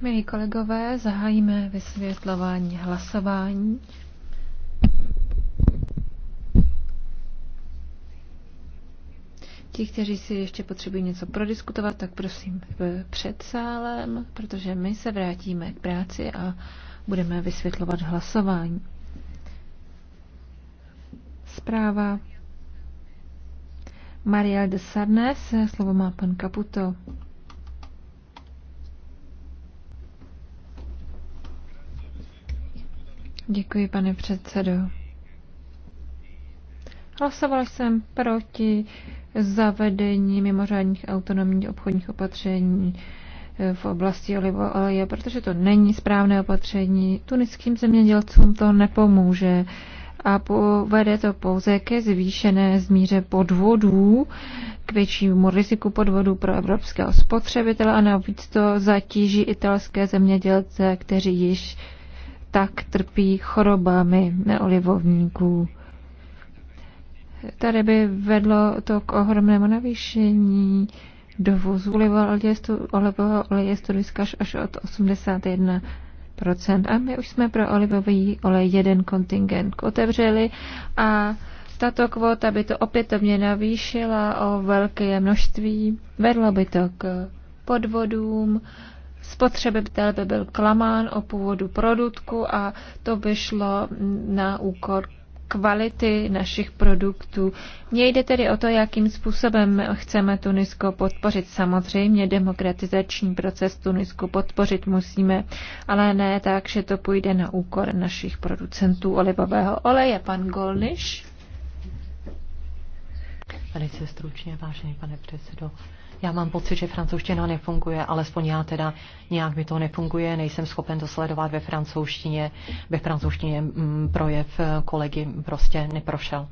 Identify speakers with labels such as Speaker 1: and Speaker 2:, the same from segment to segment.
Speaker 1: Milí kolegové, zahájíme vysvětlování hlasování. Ti, kteří si ještě potřebují něco prodiskutovat, tak prosím před sálem, protože my se vrátíme k práci a budeme vysvětlovat hlasování. Zpráva Mariel de Sarnes, slovo má pan Kaputo. Děkuji, pane předsedo. Hlasoval jsem proti zavedení mimořádných autonomních obchodních opatření v oblasti olivoleje, protože to není správné opatření. Tuniským zemědělcům to nepomůže a povede to pouze ke zvýšené zmíře podvodů, k většímu riziku podvodů pro evropského spotřebitele a navíc to zatíží italské zemědělce, kteří již tak trpí chorobami neolivovníků. Tady by vedlo to k ohromnému navýšení dovozu olivového oleje z Turecka až od 81 a my už jsme pro olivový olej jeden kontingent otevřeli a tato kvota by to opětovně navýšila o velké množství, vedlo by to k podvodům, spotřebitel by byl klamán o původu produktu a to by šlo na úkor kvality našich produktů. Mně jde tedy o to, jakým způsobem chceme Tunisko podpořit. Samozřejmě demokratizační proces Tunisku podpořit musíme, ale ne tak, že to půjde na úkor našich producentů
Speaker 2: olivového oleje. Pan Golniš. Velice stručně, vážený pane předsedo. Já mám pocit, že francouzština nefunguje, alespoň já teda nějak mi to nefunguje, nejsem schopen to sledovat ve francouzštině. Ve francouzštině mm, projev eh, kolegy prostě neprošel.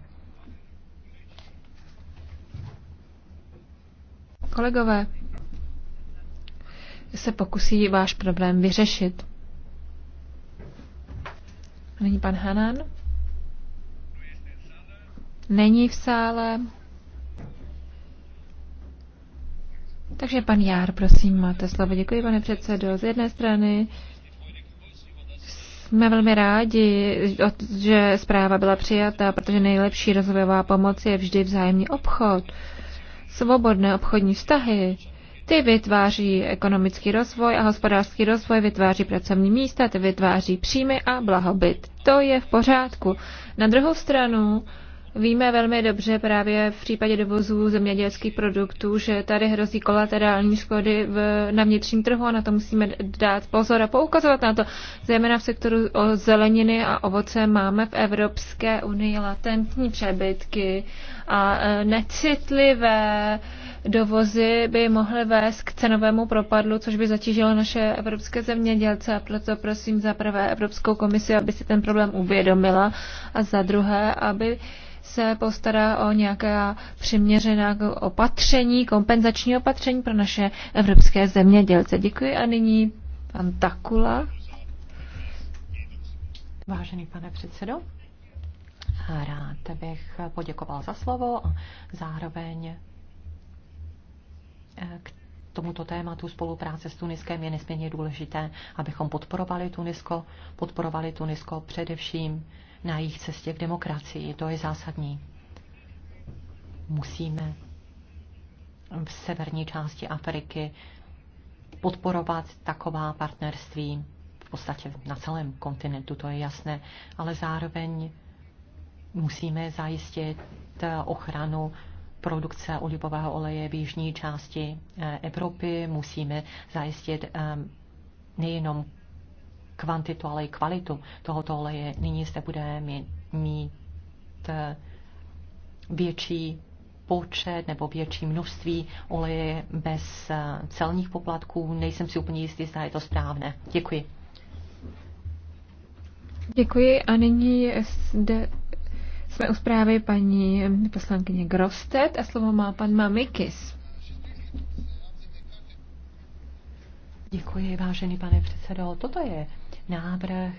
Speaker 1: Kolegové, se pokusí váš problém vyřešit. Není pan Hanan? Není v sále. Takže pan Jár, prosím, máte slovo. Děkuji, pane předsedo. Z jedné strany jsme velmi rádi, že zpráva byla přijata, protože nejlepší rozvojová pomoc je vždy vzájemný obchod. Svobodné obchodní vztahy, ty vytváří ekonomický rozvoj a hospodářský rozvoj, vytváří pracovní místa, ty vytváří příjmy a blahobyt. To je v pořádku. Na druhou stranu, Víme velmi dobře právě v případě dovozů zemědělských produktů, že tady hrozí kolaterální škody v, na vnitřním trhu a na to musíme dát pozor a poukazovat na to. Zejména v sektoru o zeleniny a ovoce máme v Evropské unii latentní přebytky a e, necitlivé dovozy by mohly vést k cenovému propadlu, což by zatížilo naše evropské zemědělce a proto prosím za prvé Evropskou komisi, aby si ten problém uvědomila a za druhé, aby se postará o nějaká přiměřená opatření, kompenzační opatření pro naše evropské zemědělce. Děkuji a
Speaker 2: nyní pan Takula. Vážený pane předsedo, rád bych poděkoval za slovo a zároveň eh, k tomuto tématu spolupráce s Tuniskem je nesmírně důležité, abychom podporovali Tunisko, podporovali Tunisko především na jejich cestě k demokracii. To je zásadní. Musíme v severní části Afriky podporovat taková partnerství v podstatě na celém kontinentu, to je jasné, ale zároveň musíme zajistit ochranu produkce olivového oleje v jižní části eh, Evropy, musíme zajistit eh, nejenom kvantitu, ale i kvalitu tohoto oleje. Nyní zde budeme mít, mít eh, větší počet nebo větší množství oleje bez eh, celních poplatků. Nejsem si úplně jistý, zda je to správné. Děkuji.
Speaker 1: Děkuji a nyní zde jsme u zprávy paní poslankyně Grostet a slovo
Speaker 2: má pan Mamikis. Děkuji, vážený pane předsedo. Toto je návrh,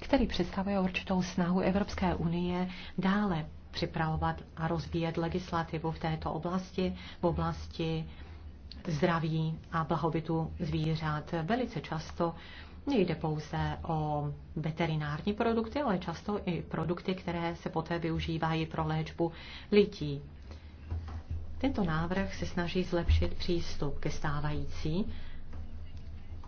Speaker 2: který představuje určitou snahu Evropské unie dále připravovat a rozvíjet legislativu v této oblasti, v oblasti zdraví a blahobytu zvířat. Velice často nejde pouze o veterinární produkty, ale často i produkty, které se poté využívají pro léčbu lidí. Tento návrh se snaží zlepšit přístup ke stávající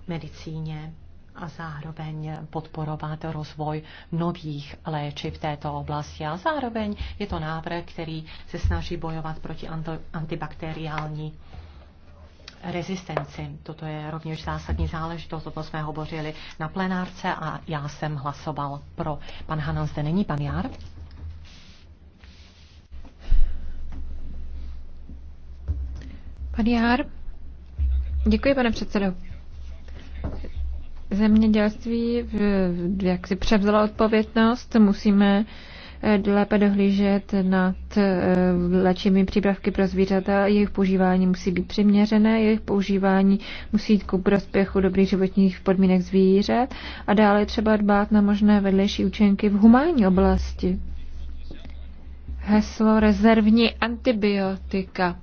Speaker 2: medicíně a zároveň podporovat rozvoj nových léčiv v této oblasti. A zároveň je to návrh, který se snaží bojovat proti antibakteriální rezistenci. Toto je rovněž zásadní záležitost, o tom jsme hovořili na plenárce a já jsem hlasoval pro. Pan Hanan zde není, pan Jár? Pan Jár?
Speaker 1: Děkuji, pane předsedo zemědělství v, jak si převzala odpovědnost, musíme eh, lépe dohlížet nad eh, léčivými přípravky pro zvířata. Jejich používání musí být přiměřené, jejich používání musí jít ku prospěchu dobrých životních podmínek zvířat a dále třeba dbát na možné vedlejší účinky v humánní oblasti. Heslo rezervní antibiotika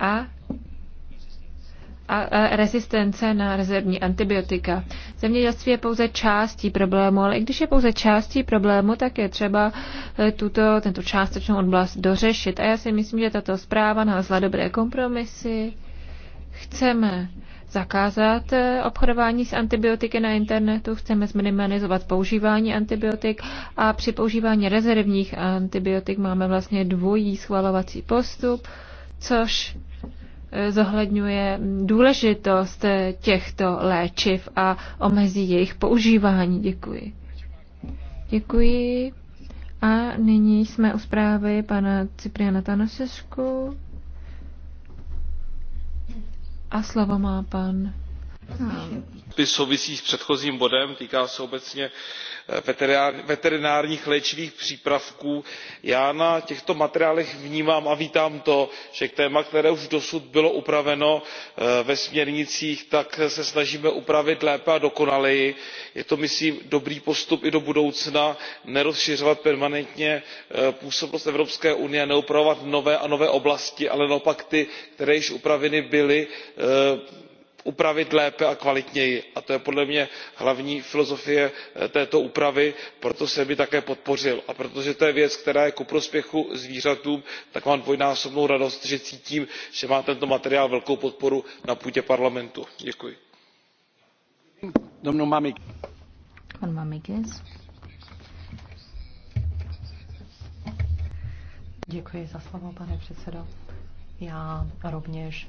Speaker 1: a a rezistence na rezervní antibiotika. Zemědělství je pouze částí problému, ale i když je pouze částí problému, tak je třeba e, tuto, tento částečnou oblast dořešit. A já si myslím, že tato zpráva nalezla dobré kompromisy. Chceme zakázat e, obchodování s antibiotiky na internetu, chceme zminimalizovat používání antibiotik a při používání rezervních antibiotik máme vlastně dvojí schvalovací postup, což zohledňuje důležitost těchto léčiv a omezí jejich používání. Děkuji. Děkuji. A nyní jsme u zprávy pana Cypriana Tanosesku. A slovo má pan
Speaker 3: souvisí s předchozím bodem týká se obecně eh, veterinárních léčivých přípravků. já na těchto materiálech vnímám a vítám to že k tématu které už dosud bylo upraveno eh, ve směrnicích se snažíme upravit lépe a dokonaleji. je to myslím dobrý postup i do budoucna nerozšiřovat permanentně eh, působnost evropské unie neupravovat nové a nové oblasti ale naopak ty které již upraveny byly upravit lépe a kvalitněji a to je podle mě hlavní filozofie eh, této úpravy proto jsem ji také podpořil. a protože to je věc která je ku prospěchu zvířat tak mám dvojnásobnou radost že cítím že má tento materiál velkou podporu na půdě parlamentu. děkuji.
Speaker 2: Děkuji za slovo, pane předsedající. Já rovněž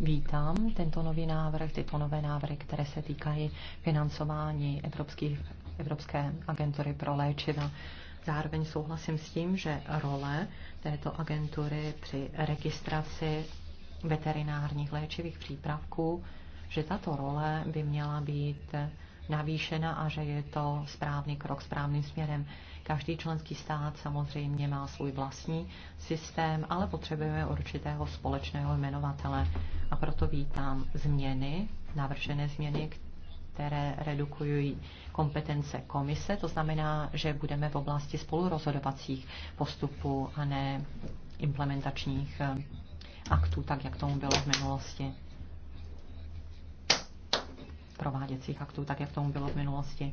Speaker 2: vítám tento nový návrh, tyto nové návrhy, které se týkají financování Evropských, Evropské agentury pro léčiva. Zároveň souhlasím s tím, že role této agentury při registraci veterinárních léčivých přípravků, že tato role by měla být navýšena a že je to správný krok správným směrem. Každý členský stát samozřejmě má svůj vlastní systém, ale potřebujeme určitého společného jmenovatele. A proto vítám změny, navržené změny, které redukují kompetence komise, to znamená, že budeme v oblasti spolurozhodovacích postupů a ne implementačních eh, aktů, tak jak tomu bylo v minulosti prováděcích aktů, tak jak tomu bylo v minulosti.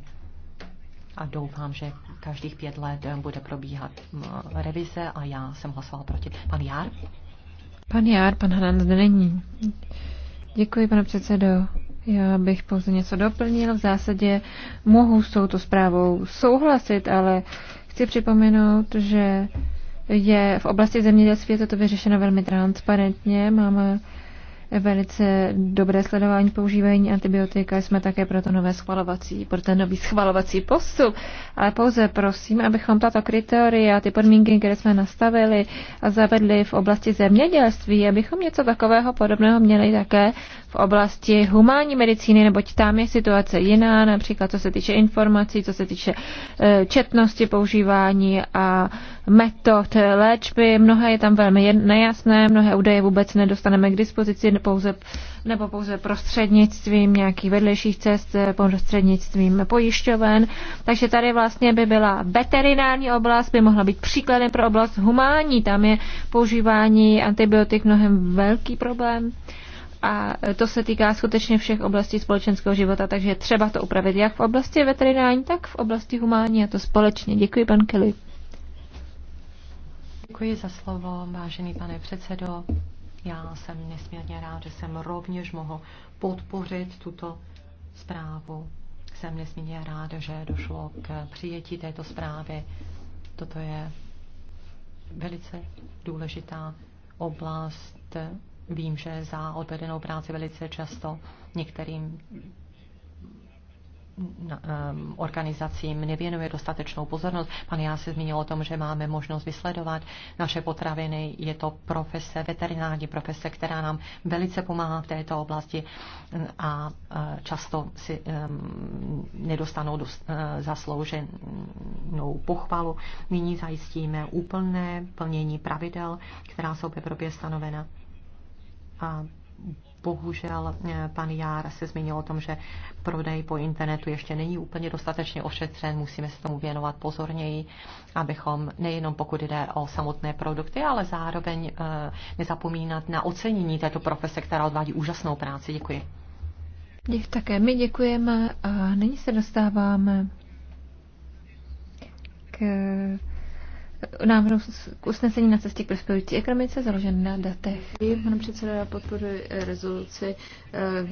Speaker 2: A doufám, že každých pět let eh, bude probíhat revize a já jsem hlasoval proti. Pan Jár?
Speaker 1: Pan Jár, pan Hanan zde není. Děkuji, pane předsedo. Já bych pouze něco doplnil. V zásadě mohu s touto zprávou souhlasit, ale chci připomenout, že je v oblasti zemědělství je to vyřešeno velmi transparentně. Máme velice dobré sledování používání antibiotika, jsme také pro to nové schvalovací, pro ten nový schvalovací postup, ale pouze prosím, abychom tato kritéria, ty podmínky, které jsme nastavili a zavedli v oblasti zemědělství, abychom něco takového podobného měli také v oblasti humánní medicíny, neboť tam je situace jiná, například co se týče informací, co se týče e, četnosti používání a metod léčby. Mnohé je tam velmi nejasné, mnohé údaje vůbec nedostaneme k dispozici, pouze, nebo pouze prostřednictvím nějakých vedlejších cest, prostřednictvím pojišťoven. Takže tady vlastně by byla veterinární oblast, by mohla být příkladem pro oblast humání. Tam je používání antibiotik mnohem velký problém a to se týká skutečně všech oblastí společenského života, takže je třeba to upravit jak v oblasti veterinární, tak v oblasti humání a to společně. Děkuji, pan Kelly.
Speaker 2: Děkuji za slovo, vážený pane předsedo, já jsem nesmírně rád, že jsem rovněž mohl podpořit tuto zprávu. Jsem nesmírně rád, že došlo k přijetí této zprávy. Toto je velice důležitá oblast. Vím, že za odvedenou práci velice často některým organizacím nevěnuje dostatečnou pozornost. Pan já se zmínil o tom, že máme možnost vysledovat naše potraviny. Je to profese, veterinární profese, která nám velice pomáhá v této oblasti a e, často si nedostanou dost, e, zaslouženou pochvalu. Nyní zajistíme úplné plnění pravidel, která jsou v Evropě stanovena. A Bohužel eh, pan Jár se zmínil o tom, že prodej po internetu ještě není úplně dostatečně ošetřen, musíme se tomu věnovat pozorněji, abychom nejenom pokud jde o samotné produkty, ale zároveň eh, nezapomínat na ocenění této profese, která odvádí úžasnou práci. Děkuji.
Speaker 1: Děk, také my děkujeme a nyní se dostáváme k návrhu k usnesení na cestě k prosperující ekonomice založené na datech.
Speaker 4: Pane předsedo, já podporuji eh, rezoluci eh,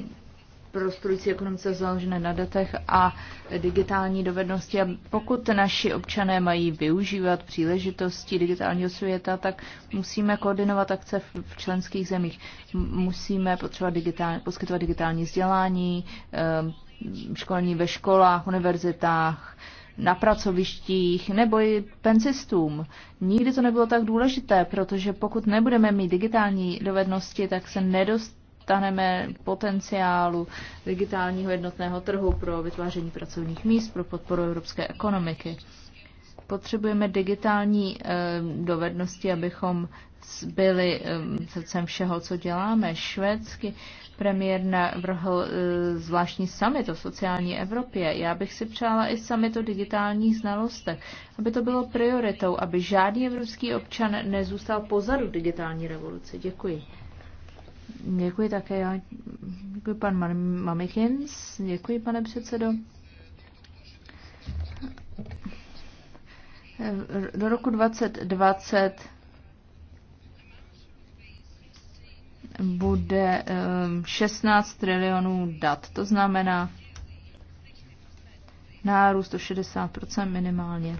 Speaker 4: prosperující ekonomice založené na datech a digitální dovednosti. A pokud naši občané mají využívat příležitosti digitálního světa, tak musíme koordinovat akce v členských zemích. Musíme potřeba digitál, poskytovat digitální vzdělání, eh, školní ve školách, univerzitách, na pracovištích nebo i penzistům. Nikdy to nebylo tak důležité, protože pokud nebudeme mít digitální dovednosti, tak se nedostaneme potenciálu digitálního jednotného trhu pro vytváření pracovních míst, pro podporu evropské ekonomiky. Potřebujeme digitální eh, dovednosti, abychom byli eh, srdcem všeho, co děláme. Švédsky premiér navrhl eh, zvláštní summit o sociální Evropě. Já bych si přála i summit o digitálních znalostech, aby to bylo prioritou, aby žádný evropský občan nezůstal pozadu digitální revoluce. Děkuji. Děkuji také já. Děkuji pan Mamikins. Děkuji, pane předsedo. Do roku 2020 bude 16 ehm, trilionů dat. To znamená nárůst o 60 minimálně.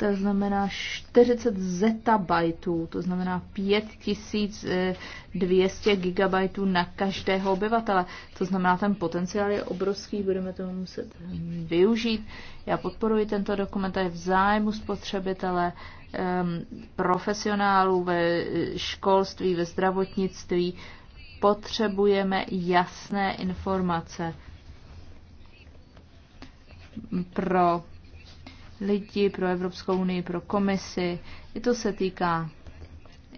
Speaker 4: to znamená 40 zetabajtů, to znamená 5200 eh, gigabajtů na každého obyvatele. To znamená, ten potenciál je obrovský, budeme to muset eh, využít. Já podporuji tento dokument, je v zájmu spotřebitele, ehm, profesionálů ve eh, školství, ve zdravotnictví. Potřebujeme jasné informace pro lidi, pro Evropskou unii, pro komisi. I to se týká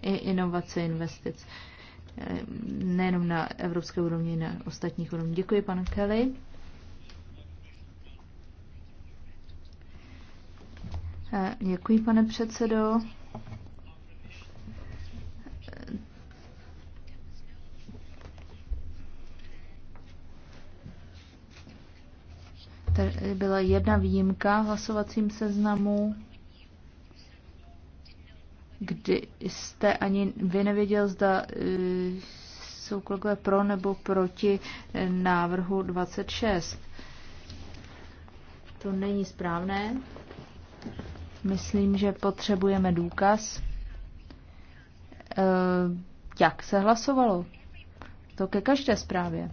Speaker 4: i inovace investic. Eh, nejenom na evropské úrovni, na ostatních úrovních. Děkuji, pan Kelly. Eh, děkuji, pane předsedo. byla jedna výjimka v hlasovacím seznamu, kdy jste ani vy nevěděl, zda eh, jsou kolegové pro nebo proti eh, návrhu 26. To není správné. Myslím, že potřebujeme důkaz, eh, jak se hlasovalo. To ke každé zprávě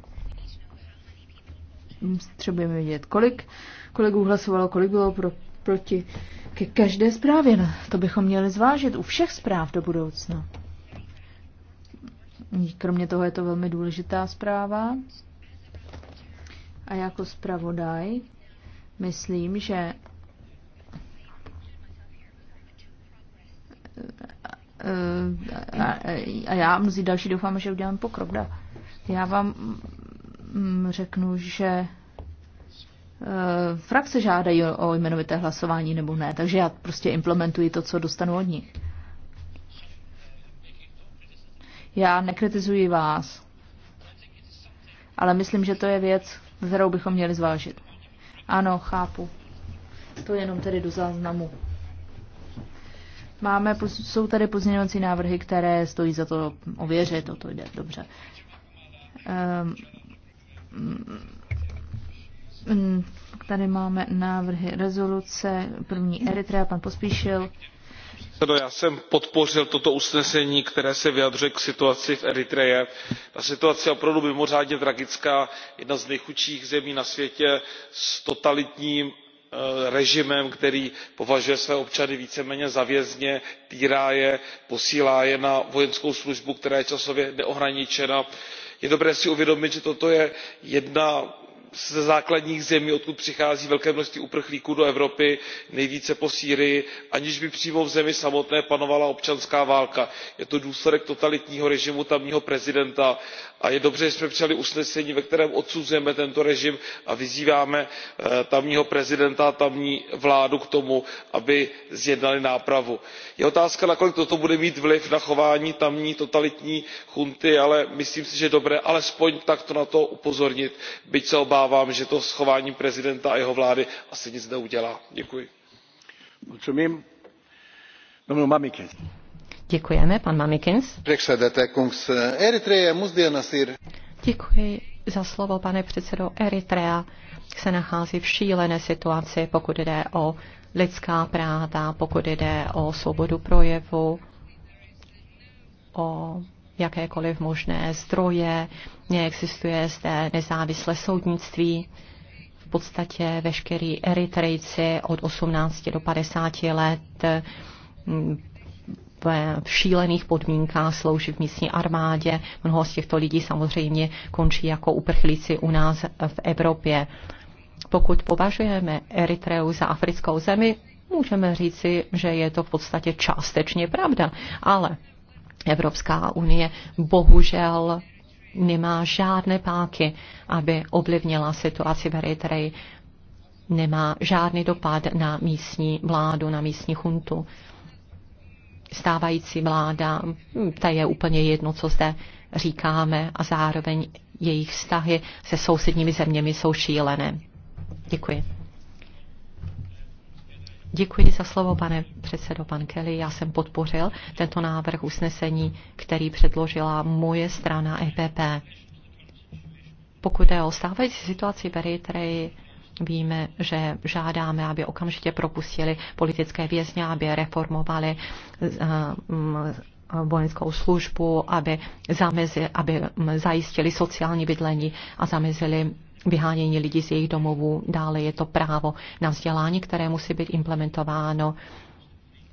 Speaker 4: potřebujeme vědět, kolik kolegů hlasovalo, kolik bylo pro, proti ke každé zprávě. No, to bychom měli zvážit u všech zpráv do budoucna. Kromě toho je to velmi důležitá zpráva. A jako zpravodaj myslím, že a, a já a mnozí další doufám, že udělám pokrok. Da. Já vám Mm, řeknu, že e, frakce žádají o jmenovité hlasování nebo ne, takže já prostě implementuji to, co dostanu od nich. Já nekritizuji vás, ale myslím, že to je věc, kterou bychom měli zvážit. Ano, chápu. To jenom tedy do záznamu. Máme, jsou tady pozměňovací návrhy, které stojí za to ověřit, o to jde dobře. Um, Mm, tady máme návrhy rezoluce. První Eritrea, pan Pospíšil.
Speaker 3: Já jsem podpořil toto usnesení, které se vyjadřuje k situaci v Eritreji. Ta situace je opravdu mimořádně tragická. Jedna z nejchudších zemí na světě s totalitním eh, režimem který považuje své občany víceméně za vězně týrá je posílá je na vojenskou službu která je časově neohraničena je dobré si uvědomit že toto je jedna ze základních zemí odkud přichází velké množství uprchlíků do evropy nejvíce po sýrii aniž by přímo v zemi samotné panovala občanská válka. je to důsledek totalitního režimu tamního prezidenta a je dobře že jsme přijali usnesení ve kterém odsuzujeme tento režim a vyzýváme eh, tamního prezidenta a tamní vládu k tomu aby zjednali nápravu. je otázka nakolik toto bude mít vliv na chování tamní totalitní junty ale myslím si že je dobré alespoň takto na to upozornit byť se obávám obávám že to s chováním prezidenta a jeho vlády asi nic neudělá. děkuji. pan
Speaker 2: Děkuji za slovo, pane předsedající Eritrea se nachází v šílené situaci, pokud jde o lidská práva, pokud jde o svobodu projevu, o jakékoliv možné zdroje, neexistuje zde nezávislé soudnictví. V podstatě veškerý Eritrejci od 18 do 50 let mm, v šílených podmínkách slouží v místní armádě. Mnoho z těchto lidí samozřejmě končí jako uprchlíci u nás v Evropě. Pokud považujeme Eritreu za africkou zemi, můžeme říci, že je to v podstatě částečně pravda, ale Evropská unie bohužel nemá žádné páky, aby ovlivnila situaci v Eritreji. Nemá žádný dopad na místní vládu, na místní chuntu. Stávající vláda, ta je úplně jedno, co zde říkáme a zároveň jejich vztahy se sousedními zeměmi jsou šílené. Děkuji. Děkuji za slovo, pane předsedo, pan Kelly. Já jsem podpořil tento návrh usnesení, který předložila moje strana EPP. Pokud je o stávající situaci v Eritreji, víme, že žádáme, aby okamžitě propustili politické vězně, aby reformovali eh, mm, vojenskou službu, aby, zamezi, aby zajistili sociální bydlení a zamezili vyhánění lidí z jejich domovů. Dále je to právo na vzdělání, které musí být implementováno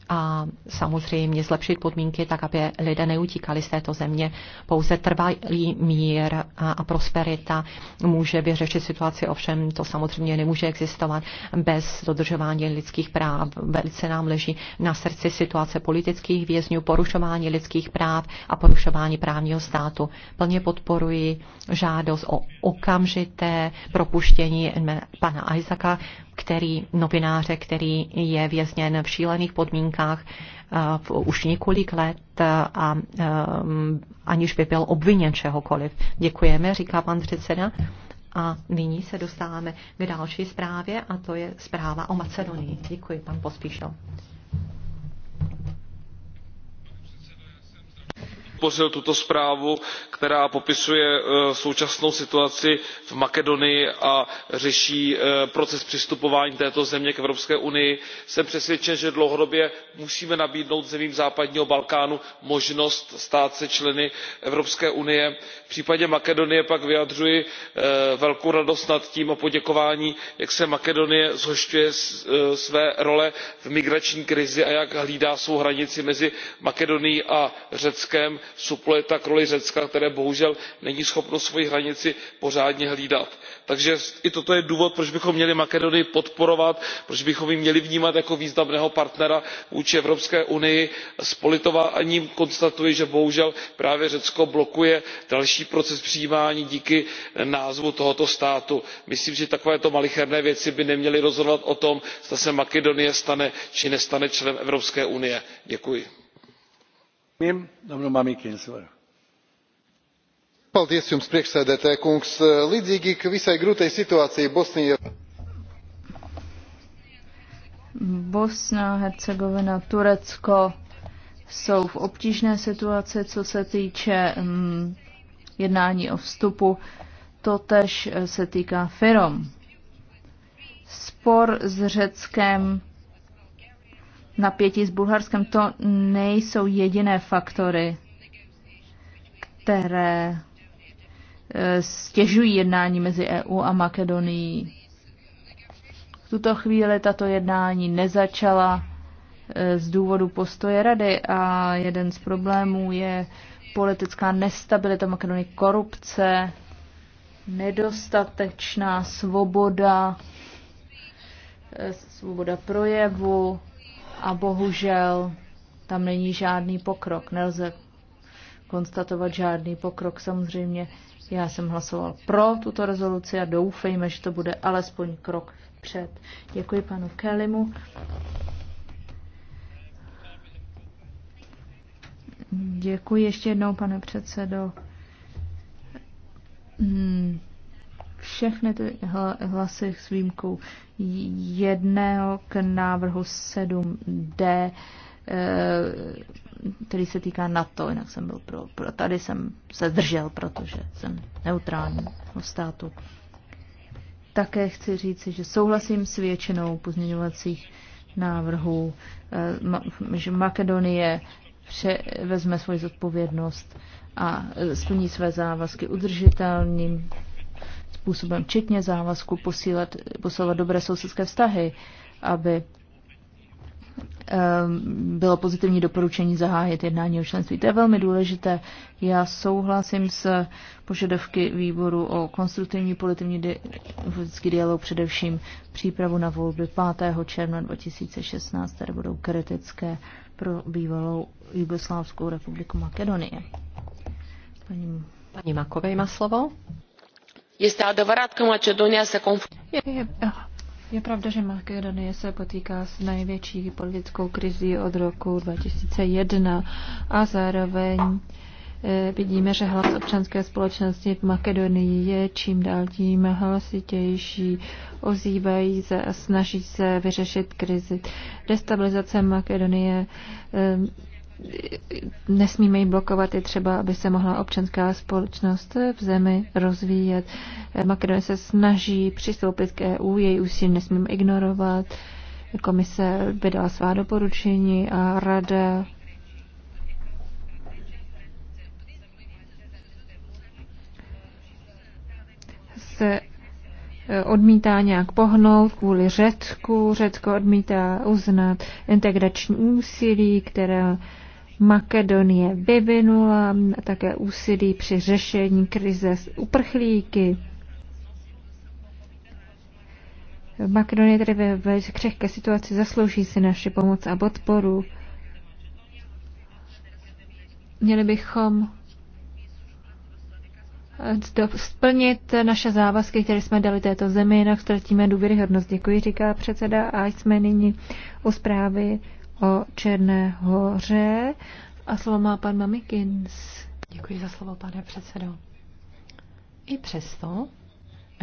Speaker 2: a samozřejmě zlepšit podmínky tak, aby lidé neutíkali z této země. Pouze trvalý mír a prosperita může vyřešit situaci, ovšem to samozřejmě nemůže existovat bez dodržování lidských práv. Velice nám leží na srdci situace politických vězňů, porušování lidských práv a porušování právního státu. Plně podporuji žádost o okamžité propuštění pana Isaaca který, novináře, který je vězněn v šílených podmínkách eh, v už několik let eh, a eh, aniž by byl obviněn čehokoliv. Děkujeme, říká pan předseda. A nyní se dostáváme k další zprávě a to je zpráva o Macedonii. Děkuji, pan Pospíšil.
Speaker 3: podpořil tuto zprávu která popisuje e, současnou situaci v makedonii a řeší e, proces přistupování této země k evropské unii. jsem přesvědčen že dlouhodobě musíme nabídnout zemím západního balkánu možnost stát se členy evropské unie. v případě makedonie pak vyjadřuji e, velkou radost nad tím a poděkování jak se makedonie zhošťuje své role v migrační krizi a jak hlídá svou hranici mezi makedonií a řeckem supluje tak roli řecka které bohužel není schopno svoji hranici pořádně hlídat. takže i toto je důvod proč bychom měli makedonii podporovat proč bychom ji měli vnímat jako významného partnera vůči evropské unii. s politováním konstatuji že bohužel právě řecko blokuje další proces přijímání díky názvu tohoto státu. myslím že takovéto malicherné věci by neměly rozhodovat o tom zda se makedonie stane či nestane členem evropské unie. děkuji paldies jums priekšsēdētāja kungs līdzīgi ik visai grūtai situācijai bosnija.
Speaker 4: Bosna, Hercegovina, Turecko jsou v obtížné situaci, co se týče um, jednání o vstupu. Totež se týká firm. Spor s Řeckem napětí s Bulharskem, to nejsou jediné faktory, které eh, stěžují jednání mezi EU a Makedonií. V tuto chvíli tato jednání nezačala eh, z důvodu postoje rady a jeden z problémů je politická nestabilita Makedonie, korupce, nedostatečná svoboda, eh, svoboda projevu, a bohužel tam není žádný pokrok. Nelze konstatovat žádný pokrok. Samozřejmě já jsem hlasoval pro tuto rezoluci a doufejme, že to bude alespoň krok před. Děkuji panu Kelimu. Děkuji ještě jednou, pane předsedo. Hmm všechny ty hlasy s výjimkou jedného k návrhu 7D, eh, který se týká NATO, jinak jsem byl pro, pro tady jsem se zdržel, protože jsem neutrální státu. Také chci říci, že souhlasím s většinou pozměňovacích návrhů, eh, že Makedonie vezme svoji zodpovědnost a splní své závazky udržitelným způsobem, včetně závazku posílat, posílat dobré sousedské vztahy, aby ehm, bylo pozitivní doporučení zahájit jednání o členství. To je velmi důležité. Já souhlasím s požadavky výboru o konstruktivní politivní di- politický dialog, především přípravu na volby 5. června 2016, které budou kritické pro bývalou Jugoslávskou republiku Makedonie.
Speaker 1: Paní, Paní Makovej má slovo.
Speaker 2: Este adevărat că Macedonia se confruntă.
Speaker 1: Ah, je pravda, že Makedonie se potýká s největší politickou krizí od roku 2001 a zároveň eh, vidíme, že hlas občanské společnosti v Makedonii je čím dál tím hlasitější, ozývají se a snaží se vyřešit krizi. Destabilizace Makedonie eh, nesmíme ji blokovat, je třeba, aby se mohla občanská společnost v zemi rozvíjet. Makedonie se snaží přistoupit k EU, její úsilí nesmíme ignorovat. Komise vydala svá doporučení a rada se odmítá nějak pohnout kvůli Řecku. Řecko odmítá uznat integrační úsilí, které Makedonie vyvinula také úsilí při řešení krize s uprchlíky. Makedonie tedy ve, ve křehké situaci zaslouží si naši pomoc a podporu. Měli bychom eh, splnit naše závazky, které jsme dali této zemi, jinak ztratíme důvěryhodnost. Děkuji, říká předseda a jsme nyní u zprávy o Černé hoře. A slovo má pan Mamikins.
Speaker 2: Děkuji za slovo, pane předsedo. I přesto,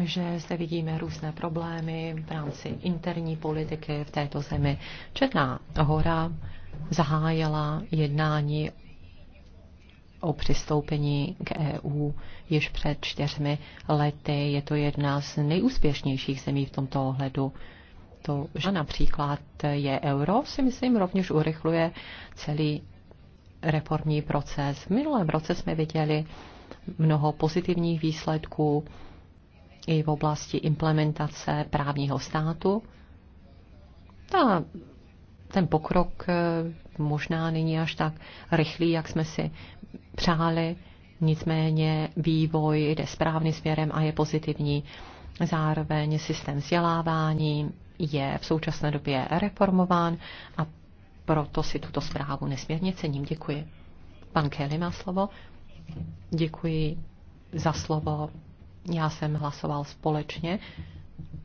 Speaker 2: že zde vidíme různé problémy v rámci interní politiky v této zemi, Černá hora zahájila jednání o přistoupení k EU již před čtyřmi lety. Je to jedna z nejúspěšnějších zemí v tomto ohledu to, že například je euro, si myslím, rovněž urychluje celý reformní proces. V minulém roce jsme viděli mnoho pozitivních výsledků i v oblasti implementace právního státu. Ta, ten pokrok eh, možná není až tak rychlý, jak jsme si přáli, nicméně vývoj jde správným směrem a je pozitivní. Zároveň systém vzdělávání je v současné době reformován a proto si tuto zprávu nesmírně cením. Děkuji. Pan Kelly má slovo. Děkuji za slovo. Já jsem hlasoval společně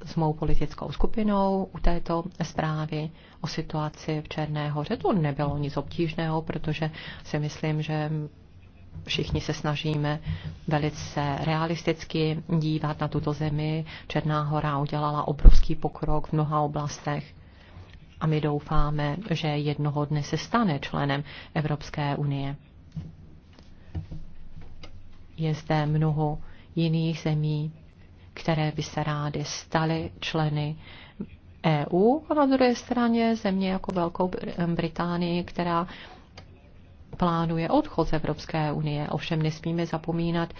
Speaker 2: s mou politickou skupinou u této zprávy o situaci v Černé hoře. To nebylo nic obtížného, protože si myslím, že všichni se snažíme velice realisticky dívat na tuto zemi. Černá hora udělala obrovský pokrok v mnoha oblastech a my doufáme, že jednoho dne se stane členem Evropské unie. Je zde mnoho jiných zemí, které by se rády staly členy EU a na druhé straně země jako Velkou Británii, která plánuje odchod z Evropské unie. Ovšem nesmíme zapomínat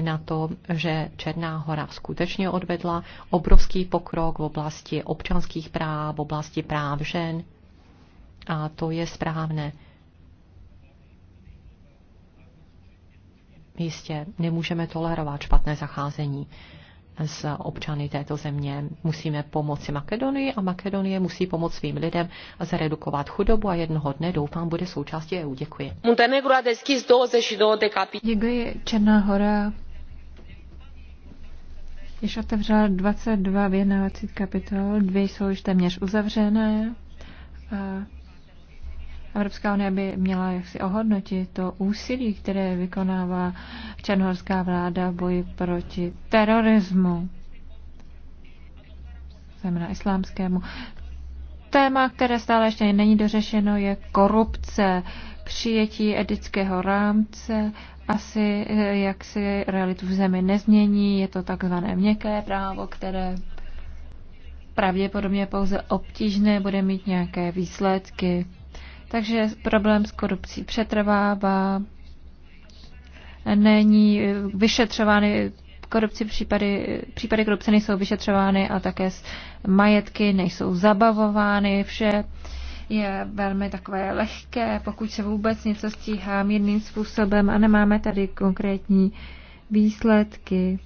Speaker 2: na to, že Černá hora skutečně odvedla obrovský pokrok v oblasti občanských práv, v oblasti práv žen. A to je správné. Jistě nemůžeme tolerovat špatné zacházení s občany této země. Musíme pomoci Makedonii a Makedonie musí pomoct svým lidem zredukovat chudobu a jednoho dne, doufám, bude součástí EU. Děkuji. Montenegro a deschis 22 de capitole. Děkuji. Černá hora
Speaker 1: již otevřela 22 vyjednávacích kapitol, dvě jsou již téměř uzavřené. A Evropská unie by měla jaksi ohodnotit to úsilí, které vykonává černohorská vláda v boji proti terorismu, znamená islámskému. Téma, které stále ještě není dořešeno, je korupce, přijetí etického rámce asi eh, jak si realitu v zemi nezmění, je to takzvané měkké právo, které pravděpodobně pouze obtížné bude mít nějaké výsledky. Takže problém s korupcí přetrvává, není eh, vyšetřovány korupci případy, případy korupce nejsou vyšetřovány a také majetky nejsou zabavovány, vše je velmi takové lehké, pokud se vůbec něco stíhá mírným způsobem a nemáme tady konkrétní výsledky.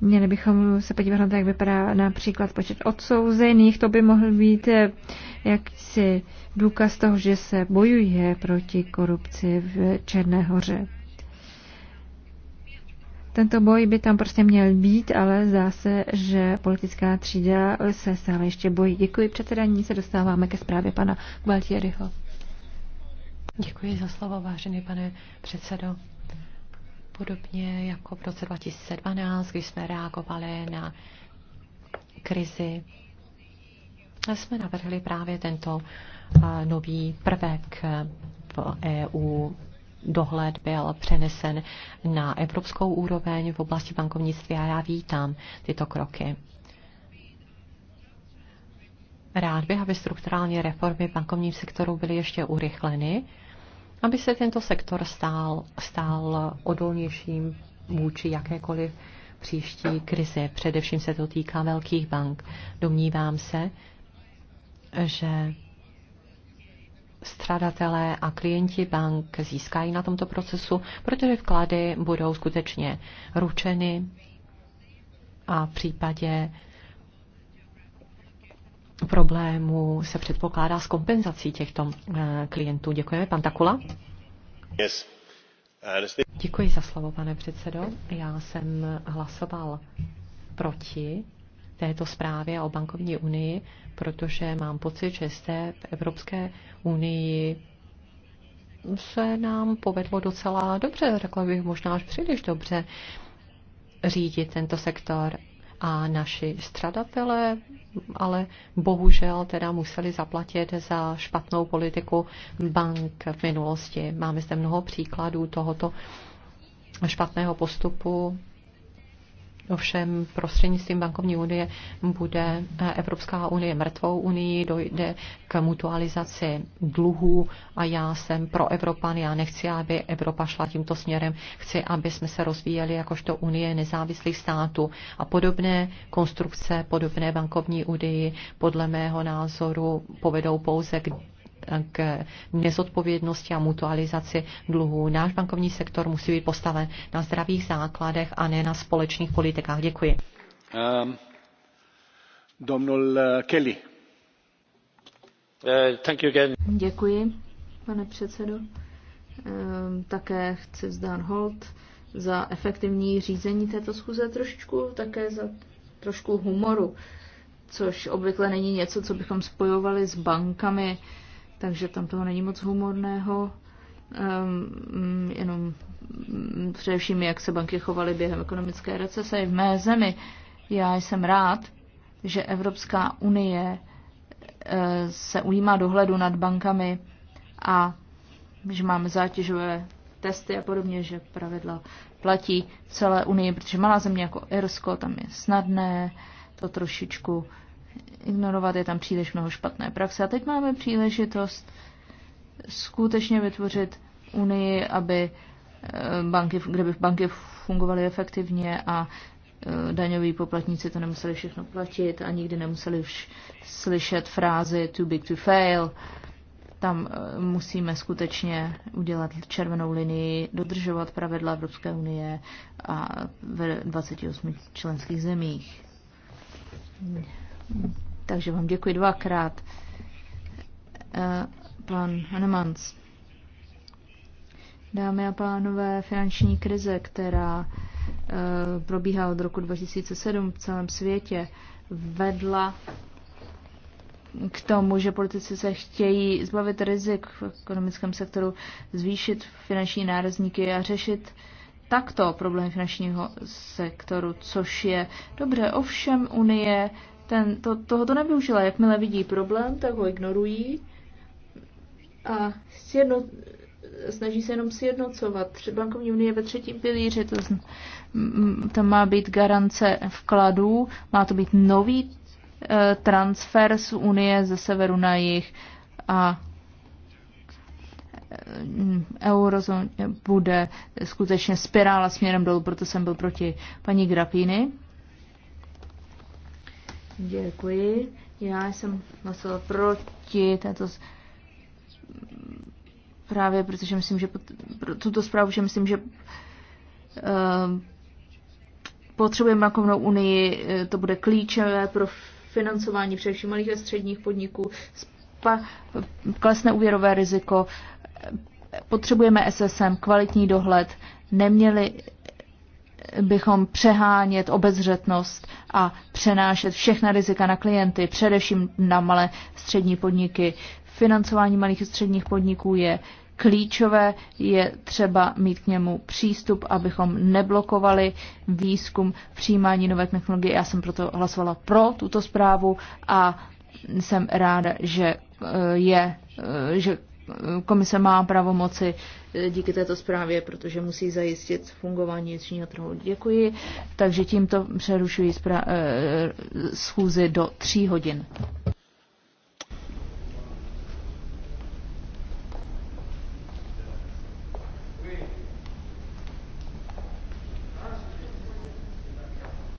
Speaker 1: Měli bychom se podívat na to, jak vypadá například počet odsouzených. To by mohl být eh, jaksi důkaz toho, že se bojuje proti korupci v Černé hoře. Tento boj by tam prostě měl být, ale zdá se, že politická třída se stále ještě bojí. Děkuji předsedání, se dostáváme ke zprávě pana
Speaker 2: Gualtieriho. Děkuji za slovo, vážený pane předsedo. Podobně jako v roce 2012, když jsme reagovali na krizi, jsme navrhli právě tento nový prvek v EU. Dohled byl přenesen na evropskou úroveň v oblasti bankovnictví a já vítám tyto kroky. Rád bych, aby strukturální reformy v bankovním sektoru byly ještě urychleny aby se tento sektor stál, stál odolnějším vůči jakékoliv příští krize. Především se to týká velkých bank. Domnívám se, že stradatelé a klienti bank získají na tomto procesu, protože vklady budou skutečně ručeny a v případě problémů se předpokládá s kompenzací těchto eh, klientů. Děkujeme. Pan Takula?
Speaker 3: Yes. Eh, Děkuji
Speaker 2: za slovo, pane předsedo. Já jsem hlasoval proti této zprávě o bankovní unii, protože mám pocit, že jste v Evropské unii se nám povedlo docela dobře, řekla bych možná až příliš dobře, řídit tento sektor a naši stradatelé ale bohužel teda museli zaplatit za špatnou politiku bank v minulosti. Máme zde mnoho příkladů tohoto špatného postupu Ovšem prostřednictvím bankovní unie bude eh, Evropská unie mrtvou unii, dojde k mutualizaci dluhů a já jsem pro Evropan, já nechci, aby Evropa šla tímto směrem, chci, aby jsme se rozvíjeli jakožto unie nezávislých států a podobné konstrukce, podobné bankovní unii podle mého názoru povedou pouze k k nezodpovědnosti a mutualizaci dluhů. Náš bankovní sektor musí být postaven na zdravých základech a ne na společných politikách. Děkuji.
Speaker 3: Um, domnul uh, Kelly. Uh, thank you again.
Speaker 4: Děkuji, pane předsedo. Um, také chci zdán hold za efektivní řízení této schůze trošičku, také za trošku humoru, což obvykle není něco, co bychom spojovali s bankami, takže tam toho není moc humorného. Um, jenom především, jak se banky chovaly během ekonomické recese i v mé zemi. Já jsem rád, že Evropská unie eh, se ujímá dohledu nad bankami a že máme zátěžové testy a podobně, že pravidla platí celé Unii, protože malá země jako Irsko, tam je snadné to trošičku ignorovat, je tam příliš mnoho špatné praxe. A teď máme příležitost skutečně vytvořit unii, aby eh, banky, kde by banky fungovaly efektivně a eh, daňoví poplatníci to nemuseli všechno platit a nikdy nemuseli už slyšet frázi too big to fail. Tam eh, musíme skutečně udělat červenou linii, dodržovat pravidla Evropské unie a ve 28 členských zemích. Takže vám děkuji dvakrát. Eh, pan Hanemans. Dámy a pánové, finanční krize, která eh, probíhá od roku 2007 v celém světě, vedla k tomu, že politici se chtějí zbavit rizik v ekonomickém sektoru, zvýšit finanční nárazníky a řešit takto problém finančního sektoru, což je dobře. Ovšem Unie ten, to, to nevyužila. Jakmile vidí problém, tak ho ignorují a sjedno, snaží se jenom sjednocovat. Bankovní unie ve třetím pilíři, to to má být garance vkladů, má to být nový e, transfer z unie ze severu na jih a e, eurozóně bude skutečně spirála směrem dolů, proto jsem byl proti paní Grafíny. Děkuji. Já jsem hlasovala proti této právě protože myslím, že pro tuto zprávu, že myslím, že uh, potřebujeme bankovnou unii, eh, to bude klíčové pro financování především malých a středních podniků, spa, klesne úvěrové riziko, potřebujeme SSM, kvalitní dohled, neměli bychom přehánět obezřetnost a přenášet všechna rizika na klienty, především na malé střední podniky. Financování malých a středních podniků je klíčové, je třeba mít k němu přístup, abychom neblokovali výzkum přijímání nové technologie. Já jsem proto hlasovala pro tuto zprávu a jsem ráda, že eh, je, eh, že komise má pravomoci díky této zprávě, protože musí zajistit fungování vnitřního trhu. Děkuji. Takže tímto přerušuji eh, schůzi do tří hodin.